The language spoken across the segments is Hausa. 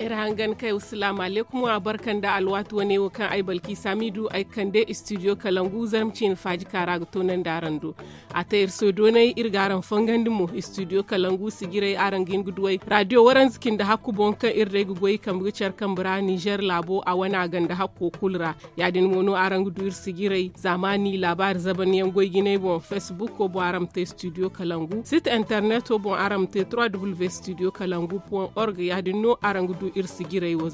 ir hangan kai assalamu alaikum wa barkan da alwatu wani kan ai balki samidu ai da studio kalangu zamcin faji kara ga tonan do a ta irso sodo na ir garan fangan mu studio kalangu sigirai aran gin guduwai radio waran zikin da haku bon kan irin dai gugoi kan bugicar kan bura Nijar labo a wana ganda haku kulra ya din mono aran guduwir sigirai zamani labar zaban yan goi ginai bon facebook ko bon aram ta studio kalangu site internet ko bon aram te www studio kalangu.org ya din no aran gudu irsi girai wa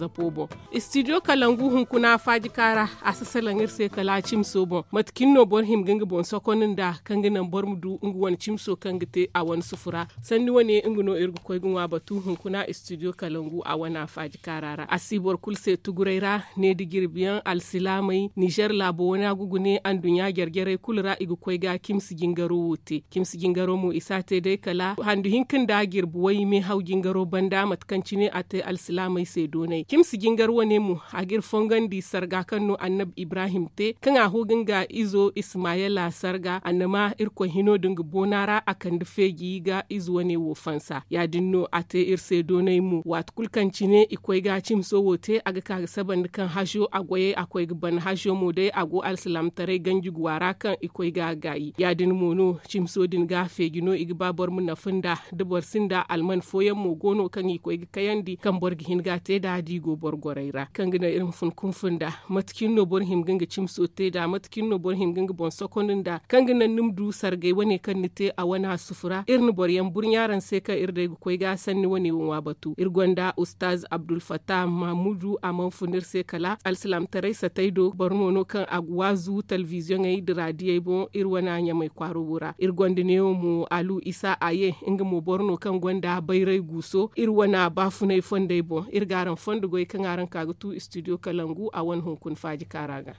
studio kalangu hunkuna faji kara asasalan irse kala cimso bon matkin no bon him gangi bon sokonin da kanginan bor mudu wani cimso kangi te a wani sufura sanni irgu gunwa batu hunkuna studio kalangu a wana faji karara asibor kulse tugureira ne digirbiyan alsilamai niger labo wani ne an dunya gergere kulra igu koy ga kimsi gingaro wute kimsi gingaro mu isate dai kala handu hinkin da girbi wai me hau gingaro banda matkanci ne al-silamai. mai sedonai kim gingar garwane mu girfon gandi sarga kanno annab ibrahim te kan hogin ga izo ismaila sarga annama irko hino dinga bonara akan fegi ga izo wane wo fansa ya dinno te ir sedonai mu wat kulkan cine ikwai ga cim so wote aga ka saban kan hajo goye akwai ban hajo mu dai ago alsalam tare ganji gwara kan ikwai ga gayi ya din mono cim so din ga fegino igba bor mu funda dubar sinda alman foyan mu gono kan ga kayandi kan borgi hinga teda digo borgoreira kangina irin fun kunfunda matkin no bor himganga chimso da matkin no bor himganga bon sokondunda kangina numdu sargai wane kan nite a wana sufura irin bur burnyaran sai ka irde koi ga sanni wani wa batu irgonda ustaz abdul fatah mamudu aman funir sai kala alsalam tarai sataido bormono kan agwazu television ai radio bon irwana nya mai kwaro bura irgonda ne mu alu isa aye inga mu borno kan gonda bayrai guso irwana bafunai fondai bon fo irgaran fondo goy kangaran kaga tu studio kalangu a wan hunkun faji karaga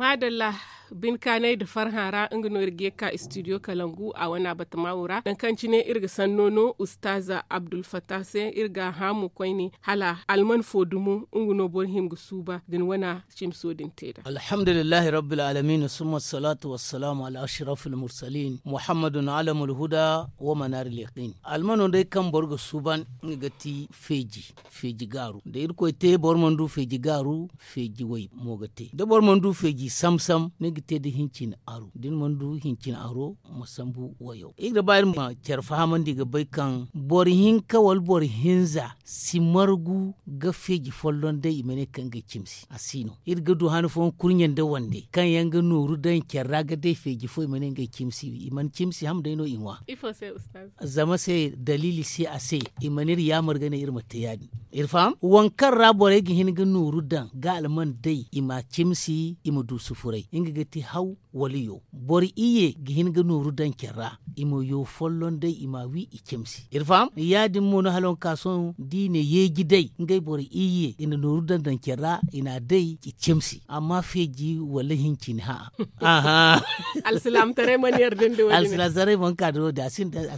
madalla bin kanai da farhara inginuwar geka studio kalangu a wana bata maura dan kanci ne irga nono ustaza abdul fatah sai irga hamu kwai ne hala alman fodumu ingino borhim gusuba din wana chimso din teda alhamdulillahi rabbil alamin summa salatu wassalamu ala ashrafil mursalin muhammadun alamul huda wa manar liqin almano dai kan borgo suban ngati feji feji garu da irko te bormandu feji garu feji wai mogate da bormandu feji samsam ne gite di hinkin aro din mandu hinkin aro musambu wayo igra bayar ma charfa haman diga bai kan bori hin kawal bori hinza si margu ga feji follon dai imene kan ga kimsi asino irga du hanu fon kurnyen da wande kan yanga nuru dan kyarra ga dai feji fo imene ga kimsi iman kimsi ham dai no inwa ifo sai ustaz zama sai dalili sai ase imanir ya margana irma tayadi irfam wankan rabore gi hin gi nuru dan ga alman dai ima chimsi ima du sufurai inga gati haw waliyo bori iye gi hin gi nuru dan kerra ima yo follon dai ima wi i chimsi irfam ya di mono halon kason dine yeji dai ngai bori iye ina nuru dan dan kerra ina dai i chimsi amma feji wala hin chin ha aha salam tare maniyar din da wani alsalam zare wanka da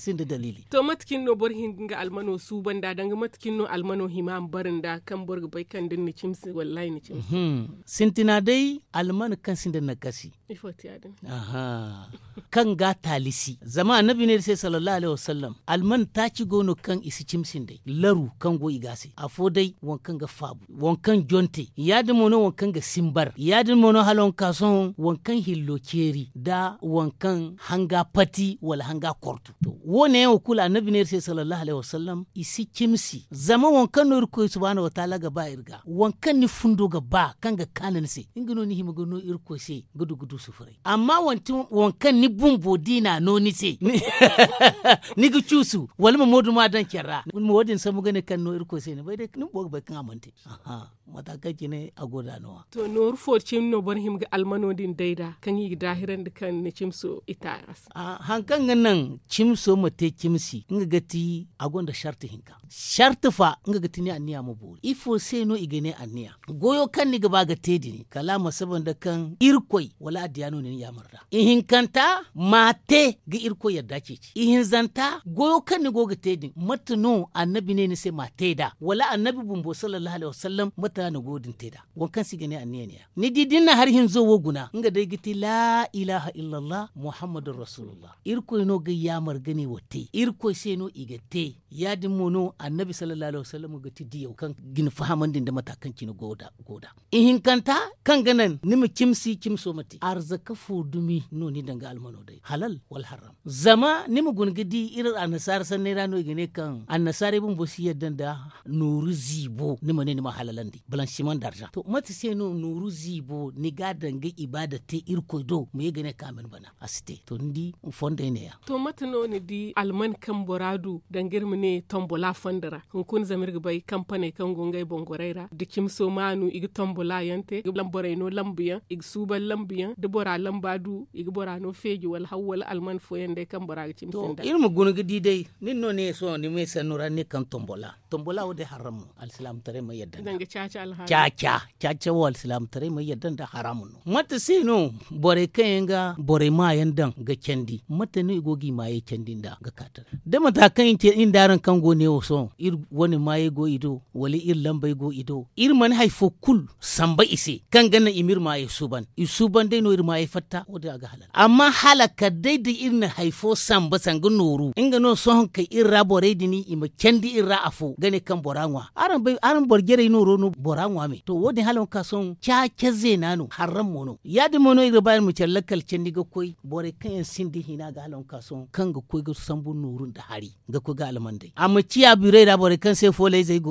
asin da dalili to matkin no bori hin ga almano su banda danga matkin no almano imam barin da kan burga bai kan din ni chimsi wallahi ni -hmm. sintina dai alman kan sinda na nagasi ifoti din. aha kan ga talisi zama annabi ne sai sallallahu alaihi wasallam alman ta ci gono kan isi chimsin dai laru kan go igase afo dai wankan ga fabu wankan jonte yadin mono wankan ga simbar yadin mono halon kason wankan hillo keri da wankan hanga pati wala hanga kortu to wone kula annabi ne sai sallallahu alaihi wasallam isi cimsi zama wankan no irko subhanahu ta'ala ga ba irga wankan ni fundo ga ba kan ga kanan se n'o ni ga no irko se gudu gudu sufurai amma wanti wankan ni bun dina na no ni se ni ga cusu wal ma modu ma dan kyarra mu wadin sa mu gane kan no irko se ne bai da ni bogo bai kan amante aha ka kine a goda nowa to no rufo chim no bar him ga din daida kan yi dahiran da kan ni chimso ita a hankan nan chimso mate cimsi inga gati agonda sharti hinka sharti fa inga gati a niya mu bori ifo seno igene niya. goyo kan ni gaba ga tedi ni kalama da kan irkoi wala adiyano ne ya marda ihin kanta mate ga irkoi yadda ci ihin zanta goyo kan ni goga tedi matano annabi ne ni sai mate da wala annabi bumbo sallallahu alaihi wasallam mata na godin teda kan si gane niya ne ni didin na har hin zo woguna inga dai giti la ilaha illallah muhammadur rasulullah irkoi no ga ya margane wote irkoi seno igate yadin no annabi sallallahu alaihi wasallam ga miti diya kan gin din da matakan kini goda goda ihin kanta kan ganan mu kimsi kimso mati arzaka fudumi no ni danga almano dai halal wal haram zama mu gungidi irin annasar san ne rano gine kan annasar ibn bosi yadda da nuru zibo mu ne ma halalan di blanchiment d'argent to mati sai no nuru zibo ni ga danga ibada te irko do mu gane kamin bana asite to ndi fonda ne ya to mati no ni di alman kan boradu dangirmu ne tombola fondara hunkun zamirgi bai kampane kan gongai bongoraira da kimso manu igi tombola yante igi lamborai no lambiyan igi suba lambiyan da bora lambadu igi bora no fegi wal hawwal alman foyan dai kan bora kim sinda irmu gunugi gidi dai nin no ne so ni mai sanura ne kan tombola tombola de haramu alsilam tare mai yadda danga caca alharam caca caca wa alsilam tare mai yadda da haramu no mata sino bore kan ga bore ma yandan ga kendi mata ne gogi ma ye kendin da ga katar da mata kan indaran kan gone so ir wani ma ye goyi ido wali ir lambai go ido ir man hay fo kul samba ise kan ganna imir ma ay suban i suban dai no ir ma ay fatta o da aga halal amma halaka dai ir na hay fo samba sanga noru inga no son kai ir rabore dini ma kendi ir ra afo gane kan boranwa aran bai aran borgere no no boranwa me to wodi halon ka son cha keze nano haram mono yadi mono ir bayan mu challakal kendi ga koi bore kan sindi hina ga halon ka son kan ga koi ga sambu norun da hari ga ko ga almandai amma ciya birai da bore kan sai fo lai zai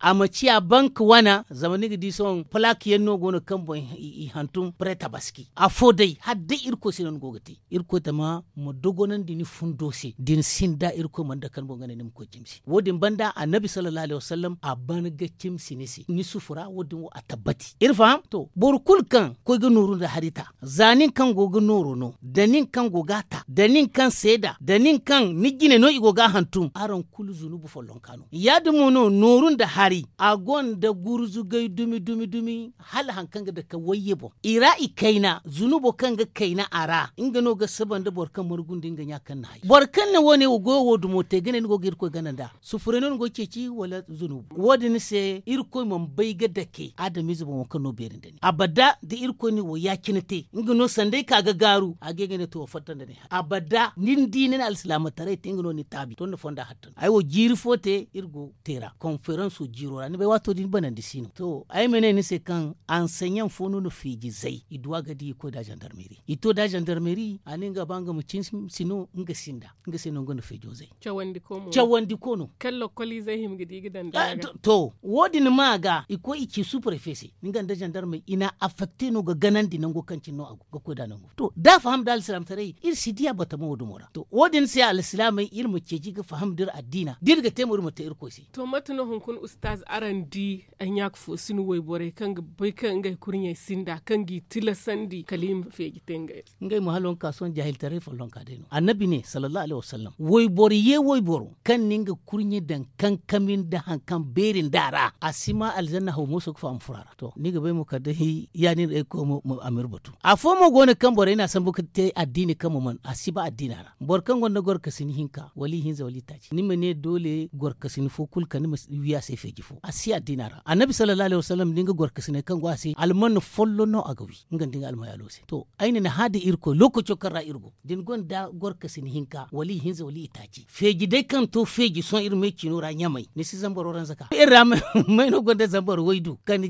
a maci a bank wana zamanigi di son plaki yenno gono kan i hantun preta baski a fo dai dai irko sinon gogati irko ma mo dogonan dini fundosi din da irko man da kan bongane nim ko jimsi wodin banda nabi sallallahu alaihi wasallam a cimsi jimsi nisi ni sufura wodin a tabbati irfam to borkul kan ko ga nuru da harita zanin kan gogo nuru no danin kan gogata danin kan seda danin kan nigine no igoga hantum aran kulu zunubu follon kanu yadmu no norun da hari agon da gurzu gai dumi dumi dumi hal hankan da ka waye bo ira i kaina zunubo ga kaina ara inga no ga saban da borkan murgun dinga nya kan nai borkan ne wone ugo wodu mo te gane go gir ko gananda sufure non go ceci wala zunubu wodi ni se ir ko mon bai ga dake adami zubo mo kan no berin dani abada da ir ko ni wo ya kinite inga no ka ga garu age gane to fatta da ni abada nin dinin al tare tinga no ni tabi ton fonda hatta ai wo jiri fote irgo tera kon conférence jirora ne be wato din de di sino to ye minɛ ni se kan enseignant fonu no fiji zai i duwa gadi ko da gendarmerie i to da gendarmerie aninga banga mu cin sino nga sinda nga sino ngono fiji zai chawandi ko mo chawandi ko no kallo koli zai him gidi gidan da ah, to maa maga i ko i ci sous-préfet ninga da gendarme ina affecté no ga ganandi nango kancin no agu ga ko da nangu. to da faham da al-islam tare ir sidiya bata mawdu mora to wodin se al-islam ir mu ke ji ga faham dir addina dir ga temur mu ta ir kosi to matno kun ustaz arandi an yak fo sinu way bore kan ga bay kan ga kurnya sinda kan gi tila sandi kalim fe tenga ngai mu halon ka son jahil tare fo lon ka deno annabi ne sallallahu alaihi wasallam way bore ye way boro kan ninga kurnya dan kan kamin da han kan berin dara asima aljanna ho musuk fa am furara to ni ga bay mu kada hi yani da ko mu amir batu a fo mo gona kan bore ina san buka te addini kan mu man asiba addinara bor kan gonda gor kasini hinka wali hinza wali taci ni ne dole gor kasini fo kul wiya se feji fo siya dinara annabi sallallahu alaihi wasallam dinga gorka sine kan gwase alman follo no agawi ngan dinga almaya lose to aini na hada irko lokaci karra irgo din gonda gorka sine hinka wali hinza wali itaci feji dai kan to feji son irme kinora nyamai ni si zambaro ran zaka ram mai no gonda zambaro waidu kan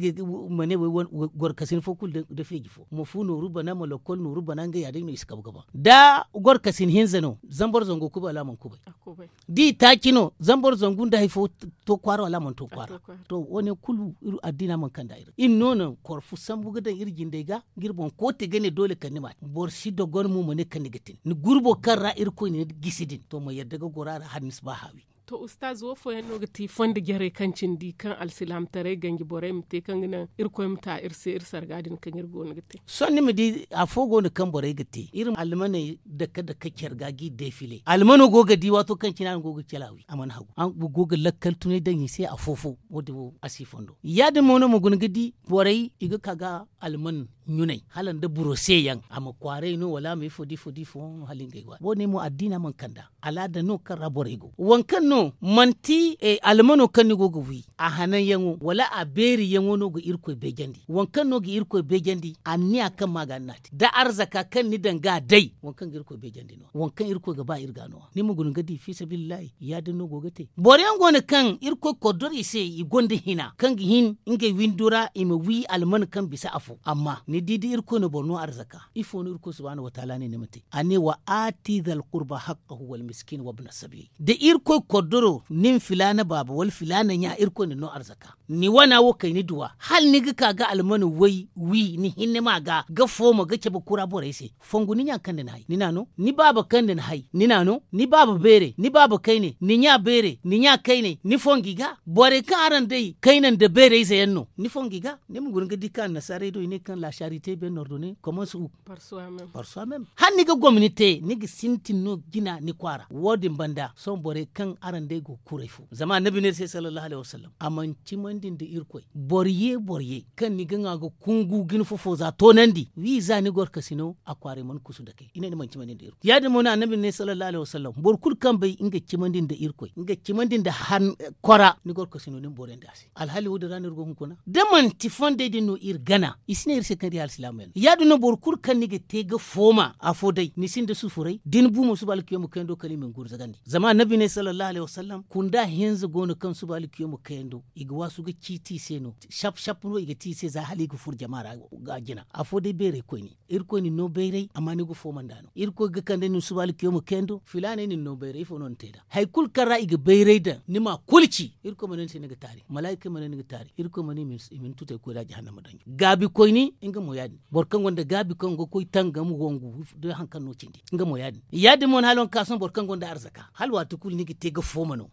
mane wai gorka sine fo kul da feji fo mo fu no ruba na malokol no ruba na nga ya dinga iska gaba da gorka sine hinza no zambaro zango kuba alaman kubai di taki no zambaro zangun da haifo to kwa kwaro ala mun to kwara to woni kulu iru addina man kanda iru in nono korfu sambu gadan irgin dega girbon ko te gane dole kanima bor si dogon mu mone kanigatin ni gurbo karra ir ko ne gisidin to mo yadda ga gorara hadnis bahawi to ustaz wo fo yanno gati fonde jere kancin di kan alsilam tare gangi bore te kan gina irko mta irse irsar gadin kan ir gon gati sonni mi di a fo gon kan bore gati irin almane da ka da ka gi defile almano goga di wato kan kinan goga kelawi aman hagu an goga lakkal tunai dangi sai a fofo wodi wo asifondo yadin mono mugun gidi bore ga kaga alman nyunai da burose yang ama kware no wala me fodi fodi fo halinga igwa bo nemo addina man kanda ala da no kan rabor igo wankan no manti e almano kan go go wi a hanan yango wala a beri yango no go irko bejandi wankan no go irko bejandi anni aka maganati da arzaka kan ni danga dai wankan irko bejandi no wankan irko ga ba irga no nemo gunun gadi fi sabilillahi ya da no go gate boren gona kan irko kodori se gonde hina kan hin inge windura ime wi alman kan bisa afu amma ni ni didi irko ne bonu arzaka ifo ni irko subhanahu wa ta'ala ne mate ani wa ati dhal qurba haqqahu wal miskin wa ibn sabil de irko kodoro nin filana baba wal filana nya irko ne no arzaka ni wana wo kai ni duwa hal ni ga ga almanu wai wi ni hinne ma ga ga foma ga ke kura bore se fongu ni nyan kande nai ni nano ni baba kande nai ni nano ni baba bere ni baba kai ne ni nya bere ni nya kai ne ni fongi ga bore ka aran dai kai nan da bere se yanno ni fongi ga ne mu gurin ga na sare do ne kan la charité ben ordonnée comment su par soi même par soi même han ni ga gwamnati ni ga sintin no gina ni kwara wodin banda son bore kan aran dai go fo. zama nabi ne sallallahu alaihi wasallam amanci man nandi da irkoi borye borye kan ni ganga ga kungu gin fofo za to nandi wi za ni gor kasino akware man kusu da kai ina ni man cimandin da irkoi ya da mona annabi ne sallallahu alaihi wasallam kul kan bai inga cimandin da irkoi inga cimandin da han eh, kora ni gor kasino ni boren da si hali wuda ranar gohun kuna da man tifon dai din no ir gana isine ir sekari al silamen ya da no borkul kan ni ga tega foma a dai ni sin da su furai din bu musu bal kiyo mu kendo kalimin gurzagandi zaman annabi ne sallallahu alaihi wasallam kunda hinzu gonu kan su bal kiyo mu kendo igwa su ga ci ti no shap shap no ga ti za hali gu fur jama'a ga gina a fo de bere ko ni ir ko ni no bere amani gu fo mandano ir ko ga kande ni subal kiyo mu kendo filane ni no bere fo non teda hay kul kara iga bere da ni ma kulci ir ko manen se ne ga tari malaika manen ga tari ir ko manen min min tute ko da jahannama danyo gabi ko ni inga mo yadi bor kan wanda gabi kan go ko tanga mu gongu do hankan no cindi inga mo yadi yadi mon halon kason bor kan gonda arzaka halwa tukul ni ga te ga fo mano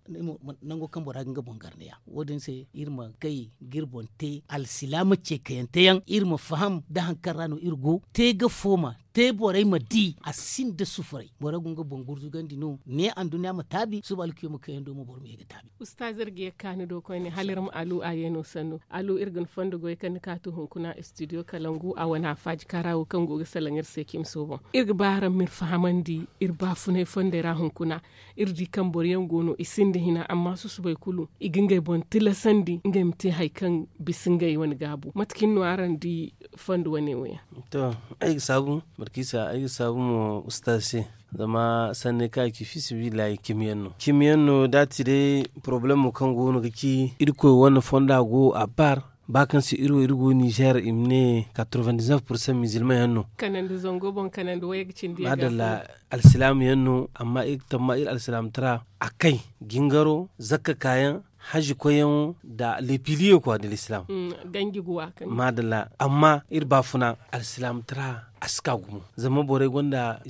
nango kan bor ga bongarne ya wodin se irma kai girbon te alsilama ce kayan te yan irma faham da hankar rano irgo te ga foma te borai ma di a sin da sufurai bora gunga bongur zu gandi no me an duniya ma tabi su balki mu maka yando mu bor mu yega tabi ustaz ya kanu do koyne halir mu alu ayeno sanu alu irgun fondo go kan ka tu hun kuna studio kalangu a wana faj karawo kan go salangir se kim so bon irga baram mir fahamandi ir ba fune fonde ra hun kuna irdi kan boryan gono da hina amma su su bai kulu igingai bon tila sandi ngai mti haikan bisingai wani gabu matkin nuaran di fondo wane waya to ai sabu barkisa ay sabu mo ustase zama sanne ka ki fi sibi la kimiyanno kimiyanno ti de problem mo kan gono ki irko wona fonda go a bar ba kan bakan iru iro irgo Niger imne 99% musulman yanno kanan da zongo bon kanan da wayar cin diya madalla alsilam yanno amma ik tamma il alsilam tara akai gingaro zakka kayan haji koyon da lepiliyo kwa da l'islam mm, gangi guwa kan madalla amma ba funa al-islam tara aska gumu zama bore gonda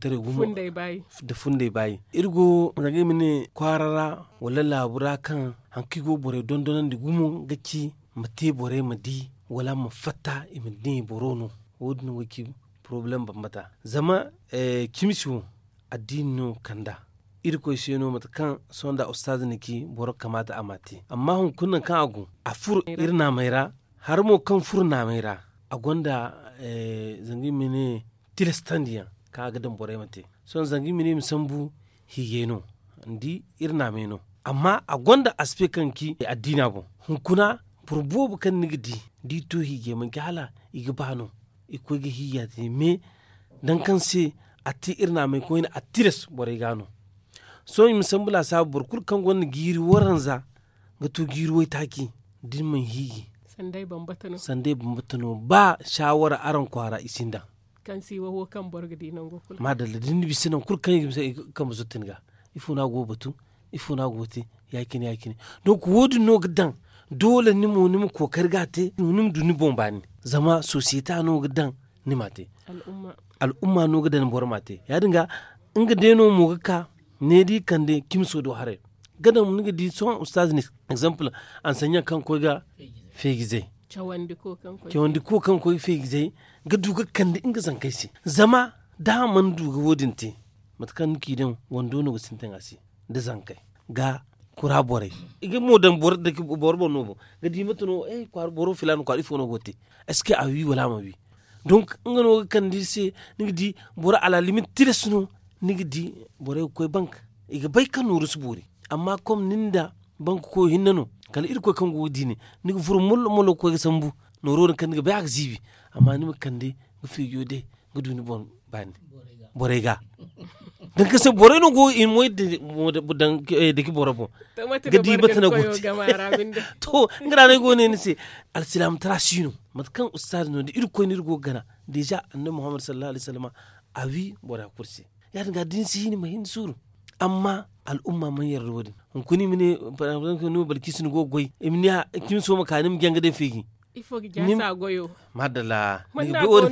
tare gumu funde bayi da funde bayi irgo rage mini kwarara wala labura kan go bore dondonan da gumu gaki mate bore madi wala mafata imidni borono wodin wiki problem bambata zama eh, kimisiwo addinin kanda irko sheno mata kan sonda ustaz niki boro kamata amati amma hun kunnan kan agu a fur irna maira har mo kan fur na maira a gonda eh, zangi mini tilastandiya ka ga dan bore mate son zangi mini musambu higeno ndi irna meno amma a gonda aspe ki eh, addina bo hun kuna bu kan nigdi di to hige ki hala igi bano ikogi hiyati me dan kan se atti irna mai ko ina atires bore gano so im sambula sa burkur kan gon giri za ga to giri wai taki din man higi sandai bambatano sandai bambatano ba shawara aran kwara isinda kan si wo kan borga nan go ma madalla din bi sinan kul kan kan musutin ga ifu na go batu ifu na go te yakin yakin don ku wodi no gidan dole ni mu ni mu kokar ga te ni mu duni bombani zama societa no gidan ni mate al'umma al'umma no gidan bor mate ya dinga ga deno mu ga ka ne di kande so do hare gada mun ga di son ustaz ni example sanya kan ko ga fegize cawandi ko kan ko cawandi ko kan ko fegize ga duga kande inga zan kai si zama da man duga wodin te matkan kidan wando no sintan asi da zan kai ga kura bore igi mo dan bor da bor bo nobo ga di matuno eh kwar boro filan kwar ifo no goti eske awi wala ma wi donc ngano kandi se ngi di bor ala limite tiresno di bore ko bank iga bay kan nuru suburi amma kom ninda bank ko hinnano kala irko kan go dine niga fur mullo mullo ko ga sambu noro kan niga bay ak zibi amma nima kande ga fi yode ga duni bon bani bore ga dan se bore no go in moy de dan eh, de ki bore bon ga di batana go to ngara ne go ne ni se al silam trasino kan ustad no de irko ni go gana deja annabi muhammad sallallahu alaihi wasallam awi bore kursi ya dinga din si ni mahin suru amma al'umma man yarda wadi kuni mine paran ko no balki sun go goy e imni kin so makanim genga de fegi ifo gi jasa goyo madala ni be wori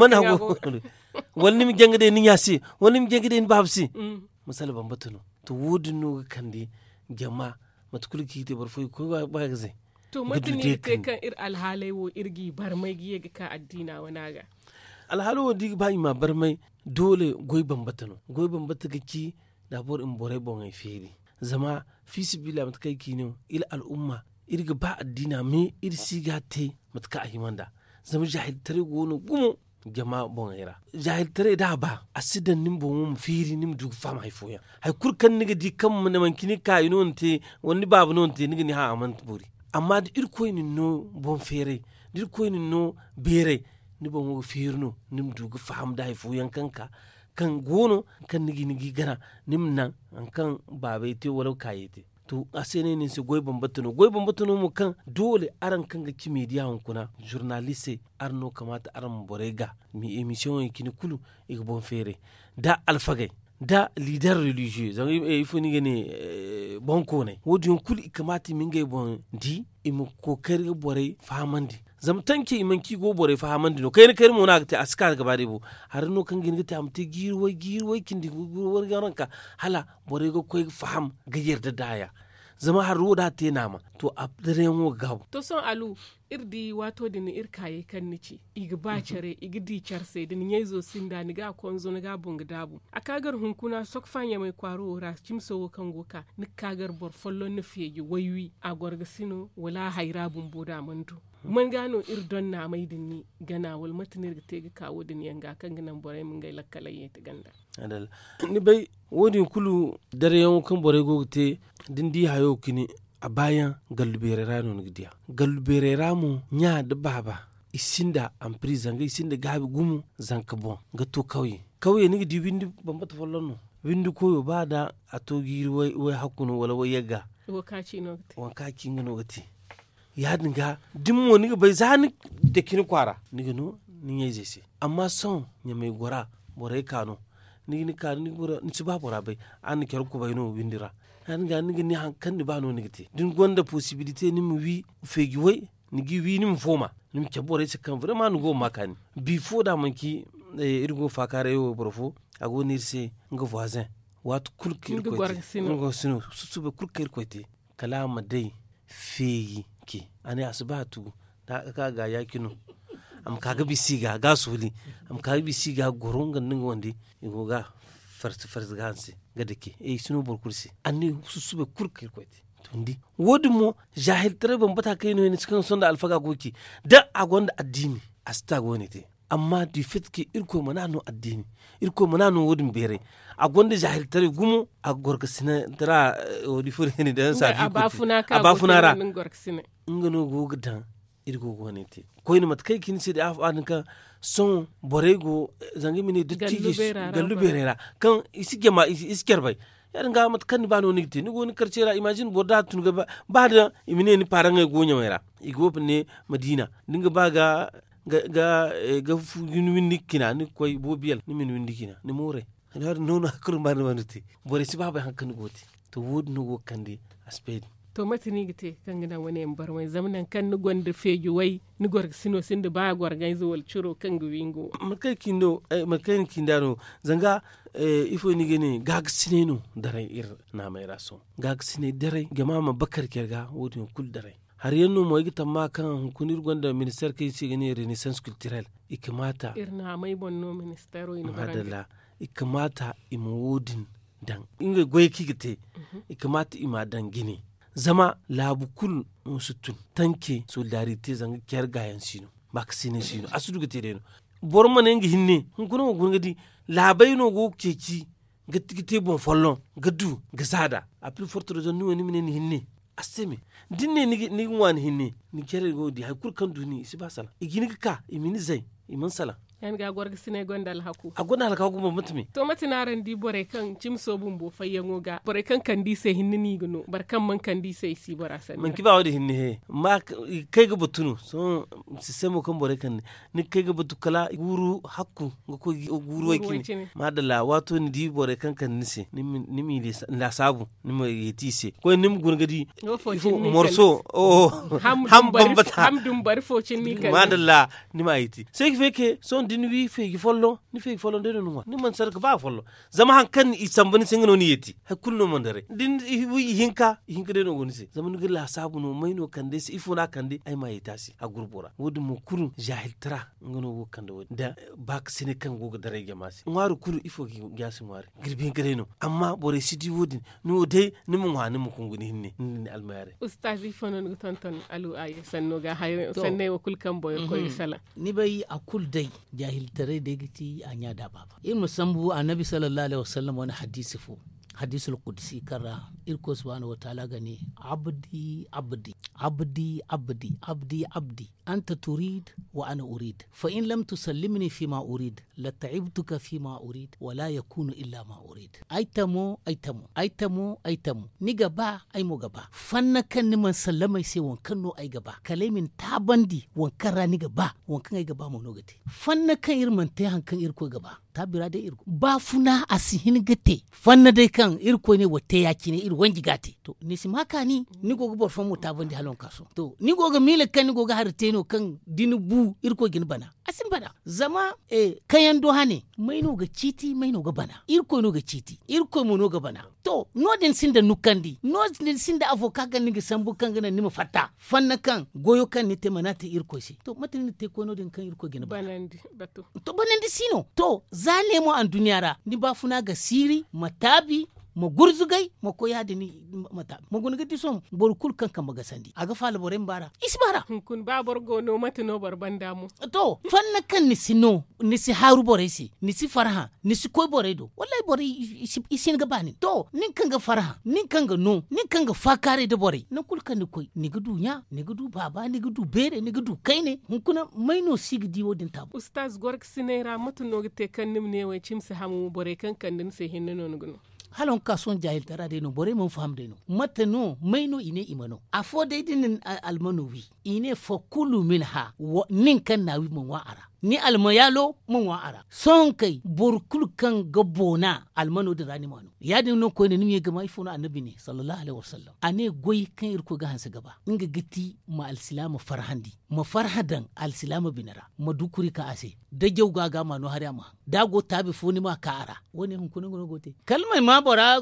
mana go wani mi genga de ni yasi wani mi genga de ni babsi mm. misali ban batuno to wodi no kandi jama matkul ki te bar foy ko ba ga zai to matini te kan ir alhalai wo irgi bar mai giye ga ka addina wana ga alhalo di ba ma bar mai dole goi bambata no goi bambata ga ki da bor in bore bon ai feri zama fi sibila mata kai ki ne il al'umma irga ba addina me ir siga te mata ka ahimanda zama jahil tare gono gumo jama bon era jahil tare da ba asidan nim bon mum feri nim dug fam hay foya hay kur kan niga di kam man man kini ka non te wani babu non te niga ni ha amant buri amma da irkoy ni no bon fere dirkoy ni no bere niba wo firno nim duga faham da fu yankanka kan gono kan nigi nigi gana nim nan an kan babai te walau kayete to a sene ne se goy bambatuno goy bambatuno mu kan dole aran kan ga ki media hon kuna journaliste arno kamata aran borega mi emission e kini kulu e bon fere da alfage da leader religieux zan e fo ni gane eh, bon kone wodi on kul kamata min ga bon di e kokari bore famandi zamtan ke man ki go bore fa kai dino kai kayni na ta aska ga bare bu har no kan gin ta amti girwa girwa kin di garan ka hala bore go koi faham ga yarda daya zama har ruwa da te nama to a dare mu ga to son alu irdi wato dini kan kanni ci igi bacere mhm. igi dicar sai dini nyai zo sinda ni ga konzo ni ga bunga dabu kagar hunkuna sok fanya mai kwaro ra cim wo kan goka ni kagar bor follo ni fiye waiwi. a gwarga sino wala haira bumbo da mandu man mhm. gano ir don na mai ni gana wal matinir ga tega kawo din ga. kan ganan bore mun ga lakkalai ta ganda adal ni bai wodin kulu dare yan kan bore gogte din di hayo kini a bayan galubererano nigdiya galubereramo nya da baba isinda ampri zanga da gabi gumu zanka bon ga to kauye kauye nigdi windi bambata follono windi koyo b'a da a to giri wai wai hakuno wala wai yaga wakaci gati wakaci gati ya dinga dimmo niga bai zani da kini kwara niga no ni yai zese amma son ya mai gora borai kano ni ni kano ni bora ni ci ba bora bai an ni bai no windira han ga niga ni han kan ni no ni gite din gonda possibilité ni mu wi fegi wai gi wi ni mu foma ni mu kebore se kan vraiment ni go makani before da man ki eh, irgo fakare yo borfo ago se ngo voisin watu kulka irkoite ngo sino susube kulka irkoite kalama dai fegi ki ani asbatu da ka ga yakinu am kaga bisi ga gasuli am kaga bisi ga goronga ninga wande igo ga farti farti gansi. gada ke e eh, sunu bor kursi anni susube kurkir koyte tundi wodi mo jahil tare ban bata kai no ni cikin sonda alfaga goki da agonda addini asta gone te amma di fitke irko manano addini irko manano wodin bere a gonda jahil tare gumo a gorkasina dara eh, wodi furhini da sa bi ko abafuna ka abafuna ra ngano go irgo gone te koyne mat kay kin sidi af an ka son borego zangi mini dutti gallu berera kan isi gema isi kerbay yar nga mat kan ba no nigti ni goni karcera imagine borda tun ga ba da imine ni paranga gonya mera igop ne madina dinga ba ga ga ga yun windi kina ni koy biel ni min windi kina ni more har nono akur man te. bore si baba kan goti to wod no go kandi aspect to ni gite kan na wani yan bar mai zamnan kan ni gwanda feju wai ni gwar sino sin da ba gwar gan zuwal ciro kan gwingo makai kindo eh, makai kindano zanga eh, ifo ni gene gag sine no dare ir na mai raso gag sine dare gama ma bakar kerga wodin kul dare har yanno mo gita ma kan hukunir gwanda minister kai ce gani renaissance culturelle ikimata na mai bonno minister in baranda ikimata imwodin dan inga gwe kigite ikimata ima dan mhm. gini zama musu musutun tanke solidarite zanga kyar gayan sino vaccine sino asudu gate deno borma ne ngi hinne hunkuno go gunga di labai no go keki ga tigite bon follon ga du ga sada a plus forte raison ni woni minen hinne asemi dinne ni ni wan hinne ni kyar go di hay kur kan duni sibasala igini ka imini zai iman sala yan ga gorg sine gondal haku a gondal haku mo mutumi to matinaran di bore kan cimso bun bo fayyango ga bore kan kan di sai ni gno bar kan man kan di sai si bora sani. man kiba wadi hinni he ma kai ga butunu so sistemo kan bore kan ni kai ga kala. guru haku ko guru kini ma da la wato ni di bore kan kan ni se ni mi la sabu ni mo yeti se ko ni mu gurgadi morso o ham bar ham dum bari fo chin ni kan ma da la ni ma yiti sai ke so di ni wi fegi follo ni fegi follo de nuwa ni man sarka ba follo zama han kan i sambani singano ni yeti hakkulno man dare din wi hinka hinka de no woni se zama ni la sabu no mayno kande si ifuna kande ay ma yitasi a gurbura wodi mo kuru jahil tra ngono wo kande wodi da bak sine kan go dare ge ngaru kuru ifo gi gasi ngwari girbi gare no amma bore sidi wodi no de ni mo ngani mo kunguni hinne ni almayare ustazi fonon tonton alu ay sanno ga hayo sanne wo kul kan boy ko sala mm-hmm. ni bayi akul dai jahiltare degiti anya in musambu a annabi sallallahu alaihi wasallam wani hadisi fo hadisul qudsi kara irko subhanahu wataala gani abdi abdi abdi abdi abdi abdi antatu rid waɣana uri da. fahim lamtu salim ni fimar uri da latakipu duka fimar uri da. wala ya kunu illa ma uri da. ay tamo ay tamo. ni ga ba a' yi ma gaba. fannkan man salamase wa ka n'o ay gaba. kale min ta ban ra ni ga ba. wa ka ngayi gaba ma nogate. fannkan irin ma ta yakan irkoyiga ba. ta birade iri ko. ba funa a si hinɛ gite. fannday kan irkoyine wa teyayine iri wajigate. to nisi ma ka ni ni kogoba famu ta ban di halon kaso. to ni koga min la kani kogari teyino. maino kan dini bu irko gin bana asin bana zama eh, kayan doha ne maino ga citi maino ga bana irko no ga citi irko mu no ga bana to no din sin da nukandi no din sin da avoka kan ni sambu kan gana ni fata fanna kan goyo kan ni te manata irko si to matin ni te ko no din kan irko gin bana banandi bato to banandi sino to zale mo an duniyara ni ba funa ga siri matabi ma gurzugai ma ko ta mata mo gun gidi som bor kul kan kan magasandi aga fala boren bara isbara kun ba bor go no mata no bar banda mu to na kan ni no ni si haru bore si ni si farha ni si koy bore do wallahi bore isin ga bani to nin kan ga farha nin kan ga no nin kan ga fakare da bore na kul kan ni koi ni gudu nya ni du baba ni du bere ni du kai ne mun kuna maino sigdi wodin tabu ustaz gork sinera ga te kan nim ne wai chimsa hamu bore kan kan din se hinno no halon kason jahil tara de no bore mon fam de no mate no maino ine imano a fo de din almanu wi ine fo kulu min ha. wa nin kan na wi mon wa ara ni yalo mun wa ara son kai burkul kan gabona almanu da rani manu ya din no ko ne nim ye gama ifuna annabi ne sallallahu alaihi wasallam ane goyi kan irko ga hansa gaba inga giti ma alsilama farhandi ma farhadan alsilama binara ma dukuri ka ase da jau ga ma nuhari ma ama da go tabi funi ma ka ara woni hun kunu gote kalmai ma bora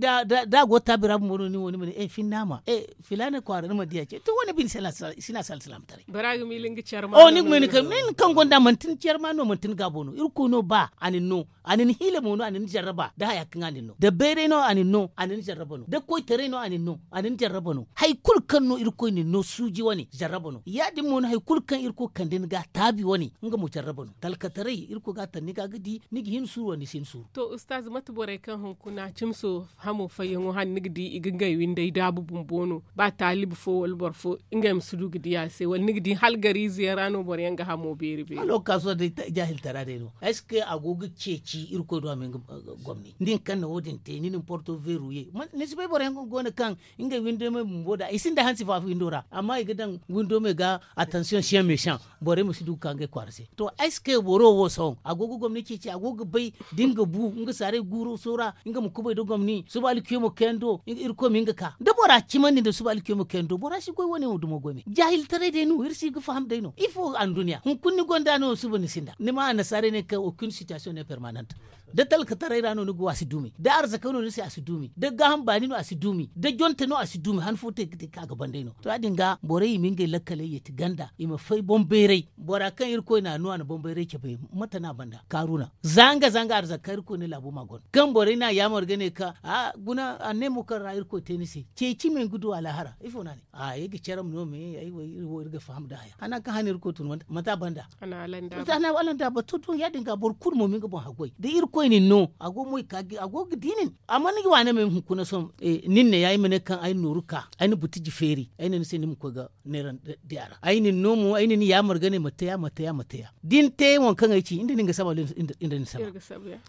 da da, da go tabi wani mono eh, eh, ni woni e finama e filane ko ara ma diya ce to woni bin sala sina sal salam tare bara mi lingi charma o oh, ni men kan men kan gonda man tin charma no man tin no irko no ba ani no ni hile ani ni jarraba da ya kan ani no da bere no ani no ni jarraba no da koi tare no ani no ni jarraba no hay kul kan no irko ni no suji wani jarraba no ya di mon hay kulkan irko kandin ga tabi wani nga mu jarrabanu talkatarai irko ga tanni ga gidi nigi hin su wani sin su. to ustaz matubore kan hon kuna chimso hamu fayin wa han nigdi igingay windai dabu bono ba talib fo wal bor fo ingam sudu gidi ya se wal nigdi hal gari ziyarano bor yanga hamu beri be alo kaso de jahil tarare no eske agogo checi irko do amin uh, gomni ndin kan na wodin te ni porto veru ye. ne sibe bor yanga gona kan inga windo me boda isin da hansi fa windora amma igidan windo mai ga attention chien méchant bore mu sidu kange kwarse to est ce que boro wo son agogo gomni ke ci agogo bai dinga bu nga sare guro sora nga mu kubai do gomni subal mo kendo ko minga ka da bora kimani da subal mo kendo bora shi koy woni wudumo gomi jahil tare de nu hirsi gu faham de no il faut en dunya hun kunni gonda no subani sinda ma na sare ne ka o situation ne permanente da talka rano no go dumi da arzaka no asi dumi da gahan bani no dumi da jonta no dumi han fote ka gaban dai no to adin ga bore yi minga lakkale ti ganda ma fai bombere bora kan irko na nuwa na bombere ke bai mata na banda karuna zanga zanga arzaka irko ne labu magon gan bore na ya gane ka a guna ne mu kan ra irko tenisi ce ci min gudu alahara ifo na ne a yake ceram no me ai wai irwo irga faham da haya ana ka hanir ko tun mata banda ana alanda ana alanda ba to to ya dinga bor kurmo minga bon hagoi da irko ni no a go mu kagi go gidinin amma ni wa ne hun kuna som eh, nin ne yayi mene kan ai nuruka ni butiji feri ayin ni sai mu ko ga ran diara ni no mu ai ni ya ne mata ya mata ya mata ya din te won kan ci inda ga sama inda ni sama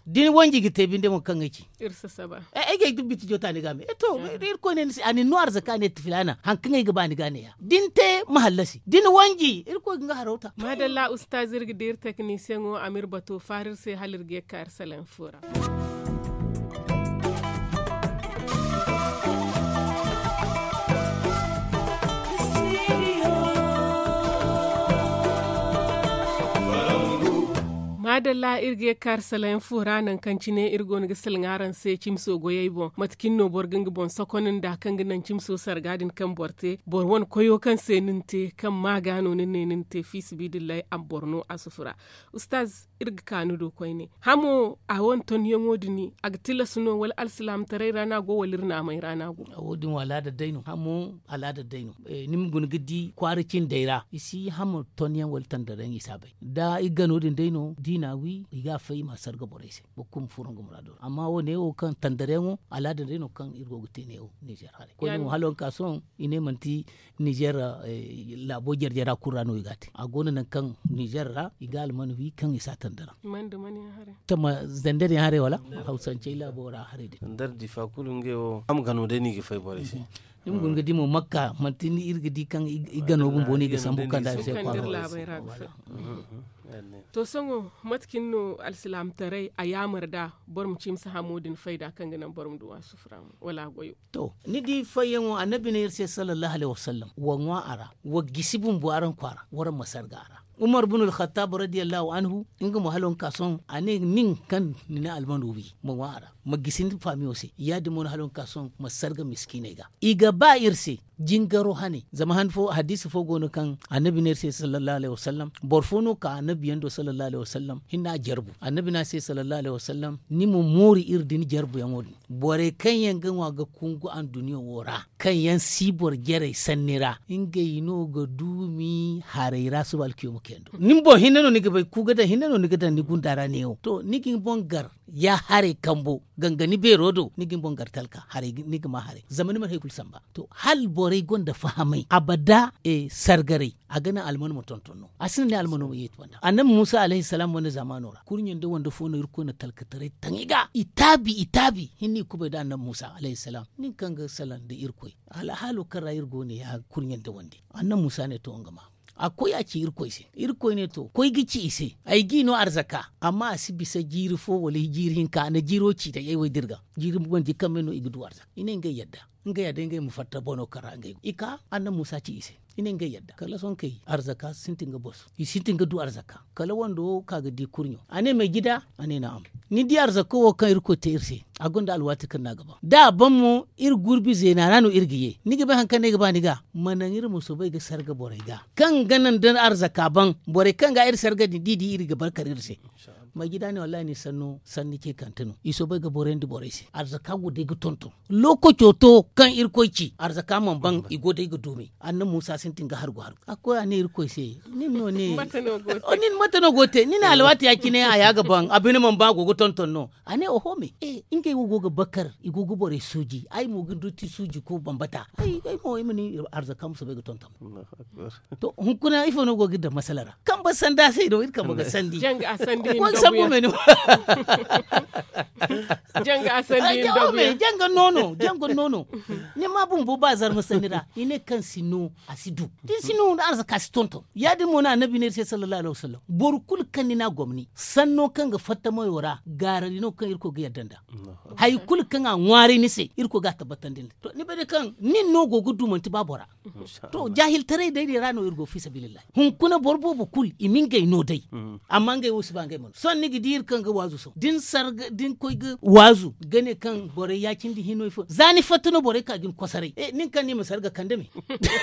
din wonji gite binde won kan aici irsa saba e ege dubbi tijo ta ni e to ir ko ne ni ani no arzaka ne han kan ai ba ni ne ya din te mahallasi din wanji ir ko ga harauta madalla ustazir dir technician o amir bato farir sai halir ge kar salam em adalla irge kar salayen fura nan ne irgo ni gisal ngaran se chimso goyey bon matkin no borgin bon sokonin da kan ginan chimso sargadin kan borte bor won koyo kan se ninte kan magano ne ninte fi sibidillai am borno asufura ustaz irga kanu do koyne hamo a won ton yomodini agtila suno wal alsalam tarai rana go walirna mai rana go awodin wala da dainu hamo ala da dainu e, nim gun gidi kwarikin daira isi hamo ton yan wal tandaren da isabai da igano din daino dina nawi iga fei ma sarga borese bo kum furun gumra do amma wo ne o kan tandarengo ala de reno kan irgo ne o niger hare ko ni halon kason ine manti niger eh, la bo jerjera kurano igate a gonan nan kan niger ra igal man wi kan isa tandara man da mani hare tama zendere hare wala hausance la bo ra hare de ndar di kulunge o am gano de ni ge fei borese ɗum mhm. gon gadi mo makka mantini di kan iganogun boni ga sambu kanda se ko to sango matkinno tare a yamarda ci cimsa hamudin fayda kangana borom duwa sufram wala goyo to ni di wa annabi ne yarse sallallahu alaihi wasallam wa ngwa ara wa gisibun buaran kwara waran masarga ara umar bin al-khattab radiyallahu anhu inga mo halon kason ane nin kan nina alman ubi mu wara magisin fami ose yadi mun halon kason sarga miskine ga iga ba irse jingaro hane zama han fo hadisi fo gono kan annabi ne sai sallallahu alaihi wasallam borfono ka annabi yando sallallahu alaihi wasallam hinna jarbu annabi na sai sallallahu alaihi wasallam ni mu muri irdin jarbu ya mu bore kan yan wa ga kungu an duniya wora kan yan sibor gere sannira inga yino ga dumi haraira su balkiyo kendo nimbo hineno nigi bai kugada hineno nigada ni gundara ne o. to nigi bongar ya hare kambo gangani be rodo nigi bongar talka hare nigi ma hare zamani mar hekul samba to hal borai gonda fahamai abada e sargare a gana almanu mutontonno asin ne almanu yit wanda annabi musa alaihi salam wanda zamanora kurnyen da wanda fono irko na tare tangiga itabi itabi hinni kuba da annabi musa alaihi salam nin kanga salan da irkoi ala halu kara irgo ne ya kurnyen da wanda annabi musa ne to ngama a akoi aci irkoise irkoine to koi gici ise ai gino arzaka amma si bisa jiri fo wala jiri hinka na jiro ci da yai wai dirga jiri mugan di kameno igudu arzaka ina yadda nga yadda nga mu fatta bono kara nga musa ci ise ine nga yadda kala son kai arzaka nga bos i nga du arzaka kala wando ka ga di kurnyo ane mai gida ane na am ni di arzaka wo kan irko te irse agonda alwati kan na gaba da ban mu ir gurbi zena nanu irgiye ni gaba kan ne gaba ni ga manan ir muso bai ga sarga bore ga kan ganan dan arzaka ban bore kan ga ir sarga di di ga barkar irse mai gida ne wallahi ni sanno sanni ke kantinu iso bai ga borendi borisi arzaka gode ga tonton loko kyoto kan irkoici arzaka man ban igode ga dumi annan musa sin tinga har gwar akwai ane irkoi se nin no ne nin no gote oh, nin eh. alwati yakine a ga ban abin man ba gogo tonton no ane oho me eh inge gogo ga bakar igogo bore suji ai mu ginduti suji ko bambata ai ai mo imini arzaka musu bai ga tonton to hunkuna ifo no gogo da masalara kan ba sanda sai do irka ba ga sandi a sandi jango meni janga asali da eh? meni janga nono jenga nono ne ma bun bu ba zar musanira ine kan sino asidu din sino da arza kastonto ya din mona annabi ne sai sallallahu alaihi wasallam bor kul kan na sanno kan ga fatta mai wara garari no kan irko ga yaddanda hay kul kan a ngwari ni sai irko ga tabbatan din to ni bade kan nin no gogu dumanti babora to jahil tare dai dai rano irgo fi sabilillah hun kuna borbo bu kul imin gai no dai mm. amma gai wasu ba gai mun son an nigi dir kan ga wazu so din sarga din koy ga wazu gane kan bore kin di hino fo zani fatuno bore ka gin kosare eh nin kan ni mu sarga kan dame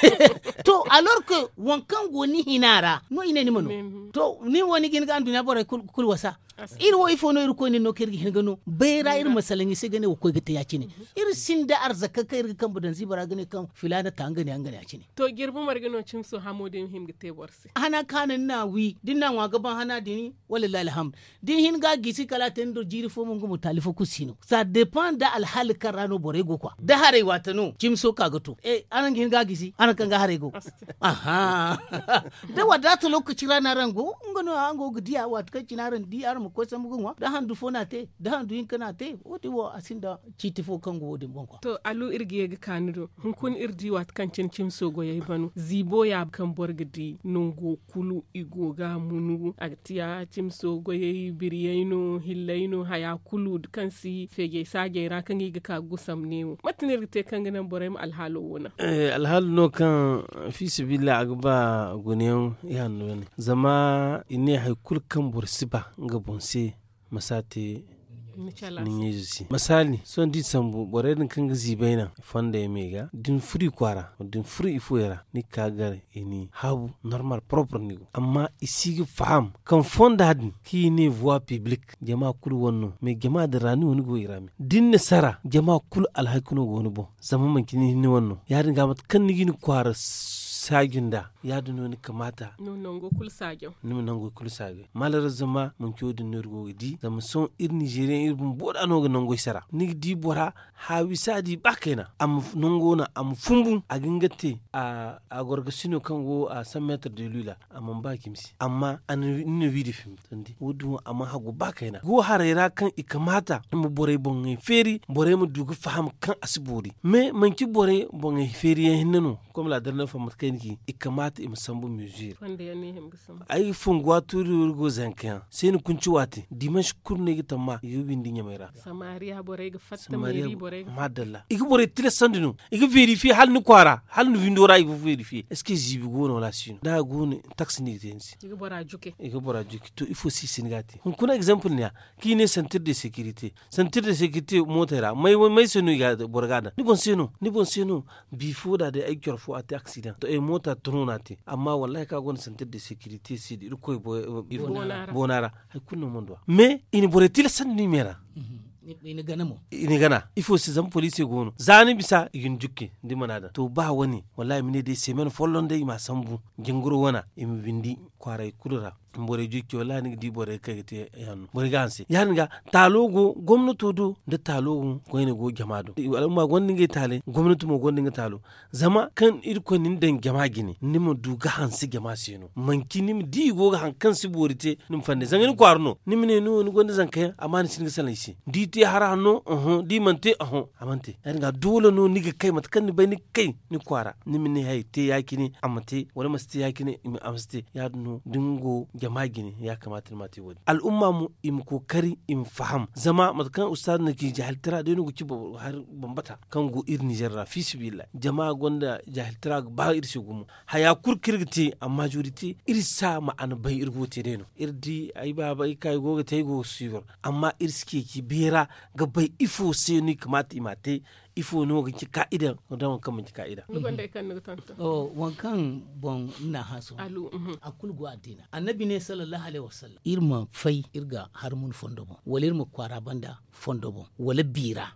to alors que won kan go ni hinara no ine ni mano to ni woni gin ga duniya bore kul, kul wasa ir wo ifo no ir ko ni no kirgi hin gano bayra ir masalan yi sai gane ko ga ta yakini mhm. ir sin da arzaka ka ir kan budan zibara gane kan filana ta ngane an gane yakini to girbu margano so hamodin him ga teborsi hana kanan na wi din nan wa gaban hana dini wallahi alhamd din hin ga gisi kala ten do jiri fo mun gumu talifo kusino ça dépend da al hal karano borego kwa da hare watanu jimso kaga to eh anan hin ga gisi anan kan ga hare go aha da loku chira na rango ngono ango gdiya wat kan cinaran dr mu ko sam wa da handu fo na te da handu hin kana te wodi wo asinda chiti fo kan go wodi bonko to alu irgi ga kanido hun kun irdi wat kan cin jimso go yayi banu zibo ya kan borgdi nungo kulu igoga munu aktiya chimso go yayi biriyenu hilleynu haya kulu kan si fege sage ra kan yi ka gusam ne matinir te kan ganan borem alhalu wona eh alhalu no kan fi sibilla agba gunew ya no zama ine hay kul kan bursiba ga bonse masate nin masali so son di sambu bore din kan gizi baina fonda ya mega din furi kwara din furi ifuera ni kagar ini habu normal proper ni amma isigi faham kan fonda din ki ne voix publique jama kul wonno me jama da rani woni go irami din ne sara jama kul alhaikuno go woni bo zaman man kini ni wonno ya dinga mat kan ni gini kwara sagin da ya da noni kamata nunango nango kul sagin malar zama mun kyo da nurgo di da mun son ir nigerian ir bun boda no ga nango sara ni di bora ha wisa di bakena am nango na am fumbu a gingate a a gorga sino kan go a san meter de lula am ba kimsi amma an ni wi di fim tandi wudu amma hago bakena go harera kan i kamata mu bore bon ngi feri bore mu dugu faham kan asibori me man ki bore bon ngi feri hinnu kom la dernière fois mat kay irgi ikamata imusambu mesure ai funguwa turi urgo zankiya seni kunci wati dimash kurne gita ma yubin dinya mera samaria bore ga fatta meri bore ga madalla igi bore tile sandinu igi verifie hal ni kwara hal ni vindora igi verifie est ce que zibi gono wala sino da gono taxi ni tensi igi bora juke igi bora juke to il faut si sinigati hun kuna exemple ne ki ne sentir de sécurité sentir de sécurité motera mai mai sino ga borgada ni bon senu ni bon da da ai kyorfo at accident to e mota trona te amma wallahi ka gon sentir de sécurité si de ko bonara hay kunno mon doa mais ini boretil san numera ini mhm. gana mo ini gana ifo si zan polisi e gono zani bisa yin jukki ndi manada to ba wani wallahi mine dai semen follon dai ma sambu jinguro wana imi bindi kwarai e kudura bore jikyo lani di bore kai te yanu bore gansi yani ga gomnatu du do da talogo goyne go jama'ado al'umma gondin ga tale gomnatu mo gondin ga talo zama kan irko nin den jama gine nimu duga hansi jama sino manki nim di go ga kan si borite nim fande zangin kwarno nim ne no ni gondi zanka amani ni singa salan shi di ti harano hanno uhu di mante uhu amante yani ga dole no ni ga kai matkan ni bai ni kai ni kwara nim ne hay te yakini amate wala masti yakini amste ya no dingo magini ya kamata ma ta wani al'umma mu im kokari im faham zama matkan ustad na ke jahiltara da nugu ki har bambata kan go irin nijar ra fi jama'a gonda jahiltara ba iri shi gumu haya kur kirgiti a majority iri sa ma an bai ir gote deno ir di ai ba bai kai goga amma iri suke ki bera ga bai ifo sai ni kamata imate ifo no ki ka'ida da wankan mun ki ka'ida lugon da kan nutan oh wankan bon na haso alu mhm. a kulgu adina annabi ne sallallahu alaihi wasallam irma fai irga harmun fondobo walir irma kwara banda fondobo wala bira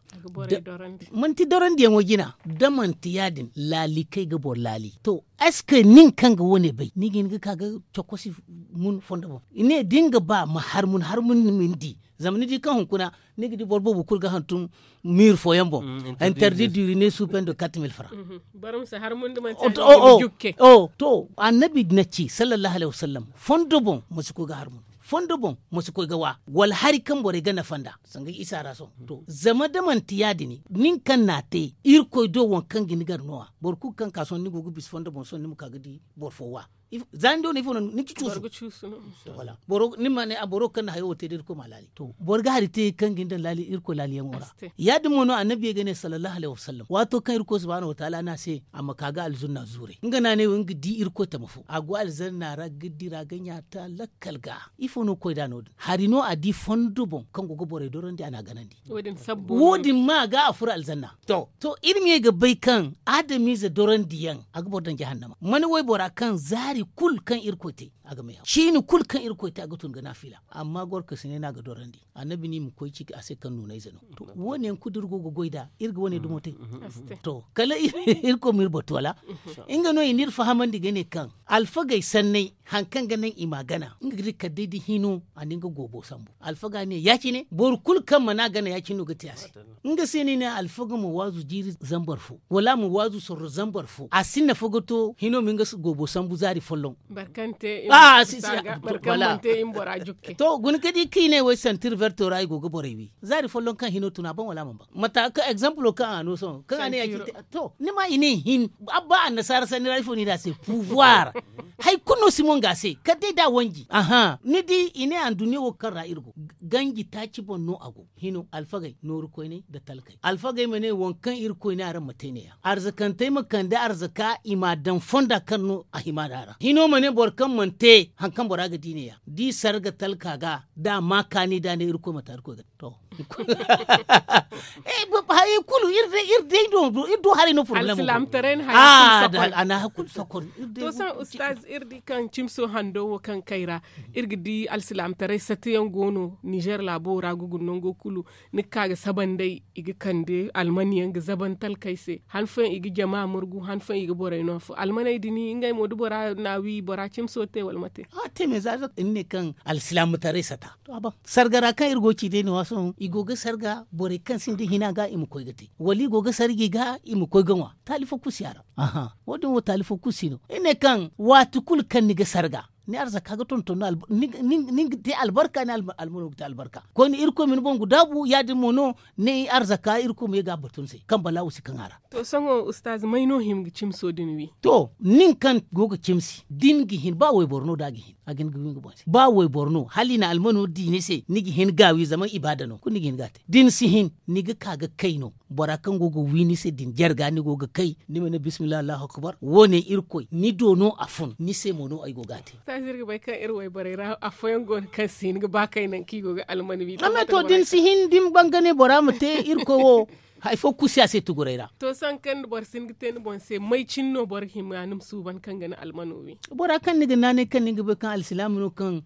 man ti dorandi yan wagina da man ti yadin lali kai gabo lali to aske nin kan ga wone bai ni gin ga kaga chokosi mun fondobo ine dinga ba ma harmun harmun min di zamani di kan kuna nigi di borbo bu kulga hantum mir fo yambo mm, interdit duri sous peine de 4000 francs mhm. barum sa har mun oh, oh, dum oh. jukke oh to annabi naci sallallahu alaihi wasallam fondo bon musuko ga har mun fondo bon musuko ga wa wal hari kan bore ga nafanda sanga isa raso mm. to zama da man tiyadi ni nin kan na te ir koy do won kan ginigar noa bor ku kan ka son ni gugu bis fondo bon son ni mu di bor fo wa zando ne fono ni kicusu wala boro ni mane a boro kan hayo te dir ko malali to bor ga harite kan gindan lali irko lali yan ora ya dum mono annabi ya gane sallallahu alaihi wasallam wato kan irko subhanahu wataala na se amma kaga alzunna zure ngana ne wing di irko ta mufu agu alzanna ragdi raganya ta lakkalga ifono ko da no harino di fondu bon kan go bore doron di ana ganandi wodin sabbu wodin ma ga afur alzanna to to ilmi ga bai kan adami za doron diyan agbo dan jahannama mani wai bora kan zari coule quand il côté ga mai ni kul kan irko ta ga tun ga nafila amma gorka sine na ga dorandi annabi ni mu koyi ciki sai kan nuna izano to wone ku dirgo go goida irgo wone dumo mhm. te to kala irko mir botwala inga no inir fahaman diga ne kan alfa gai sanne hankan ga nan imagana inga gidi ka daidi hino aninga gobo sambo alfa ga ne yaki ne bor kul kan mana gana ki no ga tiyasi inga sene ne alfa ga mu wazu jiri zambar fu wala mu wazu sorro zambar fu asinna fogoto hino minga gobo sambu zari follon barkante ah, a ah, ah, si si wala ah, to gun kadi kine we sentir verto rai go go borewi zari follon kan hino tuna ban wala mamba mata ka example ka ano son kan ane yaki to ni ma ine hin abba an nasara sani rai foni da se pouvoir hay kuno simon gase kade da wangi aha ni di ine an duniya wo kan ra'ir go gangi ta ci bon no ago hino alfagai noru ko ne da talkai alfagai mene wankan irko ne aran matene ya arzakan taimakan da arzaka imadan fonda kan no a himadara hino mene borkan mante te hankan bora ga dine ya di sarga talka ga da ma kani da ne irko mata irko ga to eh ba ha kulu irde irde do do irdo hare no problem al salam taren ha ah da ana hakul sakon to san ustaz irdi kan chimso hando kan kaira irgidi al salam tare satiyan gono niger la bo ragu gunnon go kulu ni kaga saban dai igi kande almaniyan ga zaban talkai se hanfan igi jama'a murgu hanfan igi borai no fu almanai dini ingai modu bora na wi bora chimso te wal almate a te me zaza ne kan alsilamu tare sata to aba sargara kan irgo ci de wasu waso goge sarga bore kan sin de hina ga imu koi gati wali goge sargi ga imu koy ganwa talifa kusiara aha wodin wo talifa kusino ine kan watukul kan ni ga sarga ni arsa kaga ton ton al te albarka ni almunu te albarka ko ni irko min bon gudabu ya di mono ne arsa ka irko me ga batun sai kan bala usi kan ara to sango ustaz mai no him chimso din wi to nin kan goga chimsi din gi hin ba wai borno da gi hin a gin gumin bon ba wo borno hali na almano dini se nigi hin gawi zama ibada no kun nigi gate din si hin nigi kaga kai no bora kan gogo wini se din jarga ni gogo kai ni mena bismillah allahu akbar wone irkoi ni do no afun ni se mono ay go gate ta zirga bai ir irwai bare ra afoyan gon kan sin ga ba kai nan ki gogo almano bi amma to din si hin din bangane bora mu te irko wo hay fo kusiya se tugurayra to san kan bor giten bon se mai cinno bor himanum suban kan gana almanowi bora kan ni ne kan ni gbe kan alislamu no kan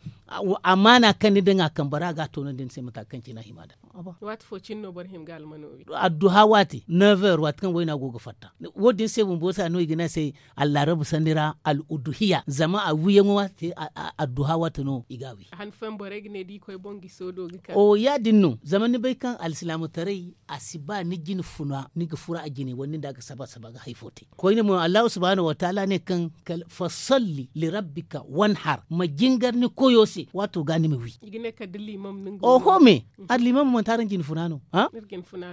amana kan ni dinga kan bara ga to din se mata kan cina himada wat fo cinno bor him ga almanowi adduha wati 9h wat kan wayna gogo fatta wodin se bon bosa no gina se allah rabu sanira al uduhiya zama a wiye mo wati addu hawati no igawi han fam bore gne di koy bongi sodo kan o ya dinno zaman ni bai kan alislamu tare asiba ni jini funa ni ga fura a jini wani da ka saba saba ga haifote ko ne mu Allah subhanahu wataala ne kan kal fasalli li rabbika wanhar ma jingar ni koyose wato gani mi wi igine ka dilli imam nin go oho me mhm. ad limam mun taran jini funano ha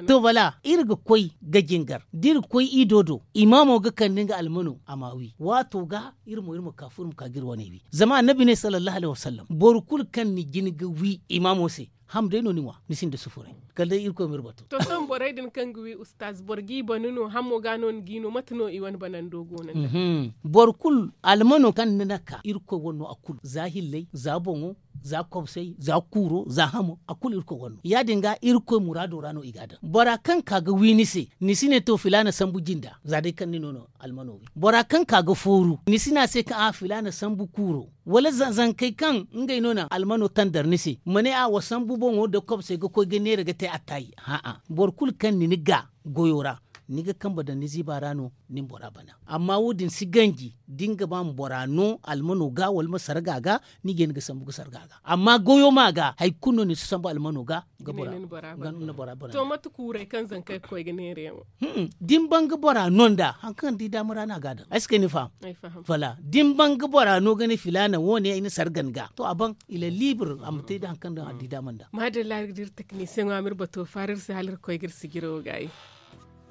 to bala irga koi ga jingar dir koi idodo imamo ga kan ga almanu amawi wato ga irmo irmo kafur mu kagir wani wi zama annabi ne sallallahu alaihi wasallam borkul kan ni jini ga wi imamo se hamde no niwa nisinde sufure kalde irko mir batu to son boray den kangwi ustaz borgi banuno hammo ganon gino matno iwan banan dogo nan mm borkul almano kan nanaka irko wonno akul lay zabongo za kopsei za kuro za hamo akul irko wonno yadinga irko murado rano igada bora kan kaga winise nisine to filana sambu jinda zade kan nono almanobi bora kan kaga foru nisina se ka a filana sambu kuro wala zan kai kan ngai nona almano tandar nisi mane a wasambu bongo da kopse ga ko genere ga te atai ha a bor kul kan ni ga goyora niga kamba da nizi barano nin bora bana amma wudin si gangi dinga ban borano almano ga wal masarga ga ni gen ga sambu sarga ga amma goyo ma ga hay kunno ni sambu almano ga ga bora gan na bora bana to matu kurai kan zan kai koy ga nere mo hmm, din ban ga bora non da hankan di da murana ga da aske ni fa fala din ban ga bora no ga ni filana wone ai ni sargan ga to aban ila libre am te da hankan da di da manda madalla dir technicien amir to farir halir koy gir sigiro gai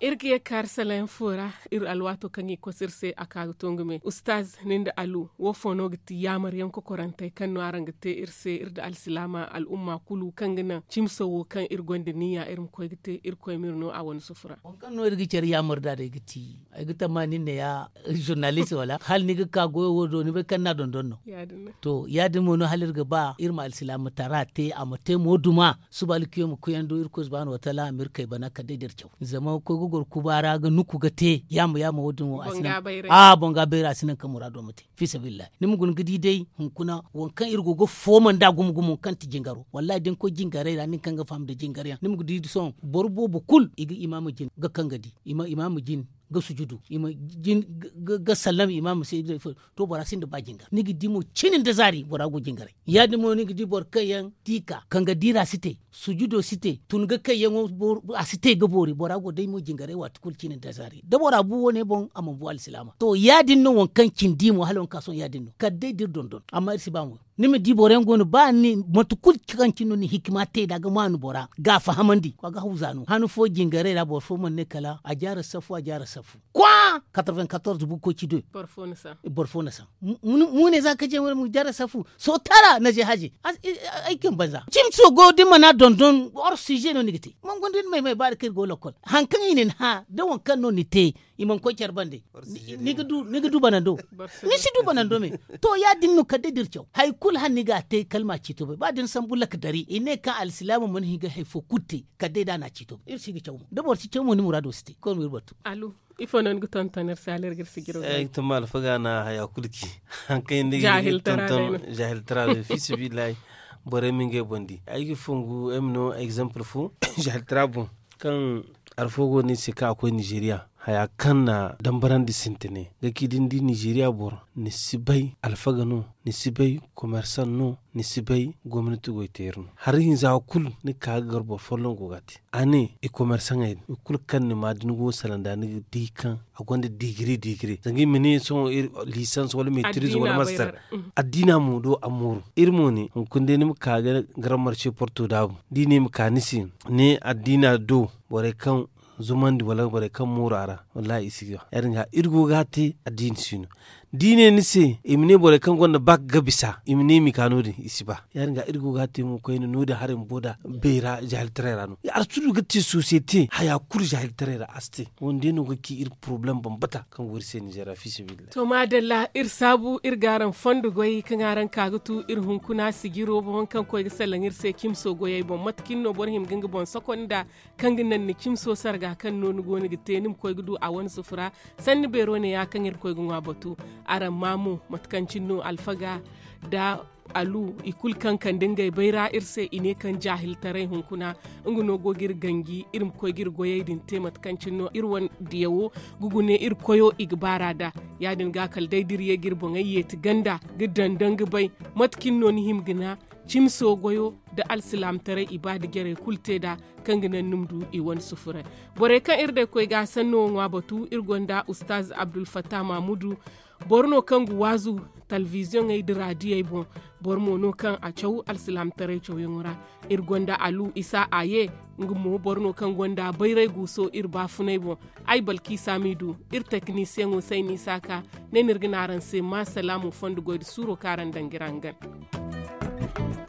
irki ye karsalen fora ir alwato kangi ko sirse aka tongume ustaz ninda alu wo fono giti yamar yan ko korante kan no aranga te irse irda al silama al umma kulu kangina chimso wo kan ir gonde niya irim ko gite ir ko mirno awon sufura on kan no irgi cer yamar da de giti ay gita mani ne ya journalist wala hal ni ka go wo do ni be kan na don don no to yadin mo no halir ga ba irma al silama tarate amate moduma subal kiyom kuyando ir ko subhanahu wa ta'ala amir kai bana kadidir chau zama ko kubara ga nuku ga te yamu yamu wadun wa asinan a bonga bayra ah, asinan ka murado mate fi sabilillah ni mugun gidi dai hun kuna won kan irgo go foman da gum gum kan ti jingaro wallahi din ko jingare da nin kan ga fam da jingare ni mugun gidi son borbo bu kul iga imamu jin ga kan gadi ima imamu jin ga sujudu ima jin ga sallam imam sai da to bora sin da bajinga nigi dimo cinin da zari bora go jingare ya dimo nigi di bor kayan tika kanga dira site sujudo site tun ga kayan a site ga bori bora go dai mo jingare wa tukul cinin da zari da bora bu wone bon amon bu al to ya dinno won kan kin dimo halon kason ya dinno kadde dir dondon amma irsi bamu nimi boren gonu ba ni matukul kikan kinu ni hikima te daga manu bora ga fahamandi kwa ga huzanu hanu fo jingare la bo fo mon ne kala a jara safu a jara safu kwa 94 bu ko ci do bor fo na sa na mu ne za ka je mu jara safu so tara na je haji e, e, aikin banza cim so go di mana dondon or sujet no gite mon gondin mai mai ba da kir go lokol hankan yin ha da kan no ni te iman ko ban dai niga du niga du banando ni si du banando me to ya din no kadde dircho hay kul han niga te kalma cito be ba din sambulla ka dari ine ka al islamu mun higa hay fo kutti kadde da na cito ir si gicho da bor si chomo ni murado sti ko mi rubatu alu ifo nan gu tontoner saler gir giro ay eh, to mal faga na haya kulki han kay ni jahil tonton jahil de fi sibilai bore min nge bondi ay gi fungu emno exemple fu jahil tra bon kan arfogo ni sika ko nigeria haya dambaran di sintene ga di nigeria bor ni sibai alfaga no ni sibai commerçant no ni sibay gomnati har harihin za kul ni kaga garbo follon ani ane e commerçant ay kul kan ni madin go salanda ni di kan agonde digiri digiri zangi mini son licence wala maîtrise wala master adina mu do amuru irmo ne kunde ni ka garan marché porto dabu dine mu kanisi ne adina do bore kan zumandi wala bare kan murara wallahi isiga erin ga irgo gati adin sino dine ni se imne bore kan gonda bak gabisa imne mi kano din isiba yar ga irgo ga temu ko ina noda harin boda beira jahil trera no yar tudu ga ti societe haya kur jahil trera asti wonde no ga ki ir problem bata kan se ni jara fi sibil to madalla ir sabu ir garan fondu goyi kan garan kagutu ir hunkuna sigiro bon kan ko ga sallan ir se kimso goy bo matkin no bor him bon sokonda kan ginnan ni kimso sarga kan nonu goni ga tenim ko gudu a wani sufura sanni bero ne ya kan ir ko gunwa batu aran mamu matkancin no alfaga da alu ikul kankan dinga baira irse ine kan jahil tarai hunkuna Inguno gogir gangi irim ko gir goyay din temat kancin no irwan diyawo gugune ir koyo igbara da yadin ga kal dai dirye gir bonga ganda gidan dangi bai matkin no ni gina. cimso goyo da alsilam tare ibada gere kulte da kanginan numdu i wani sufure bore kan irde koy ga sanno ngwa batu irgonda ustaz abdul fattah mamudu borno kan guwazu talvision ay dira diya ibon bormo no kan a cawu alsilam tare cawu yongora irgonda alu isa aye ngumo borno kan gonda bayrai guso ir bafuna ibon ai balki samidu ir technicien o sai ni saka ne nirginaran se ma salamu fondu suro karan dangirangan Thank you.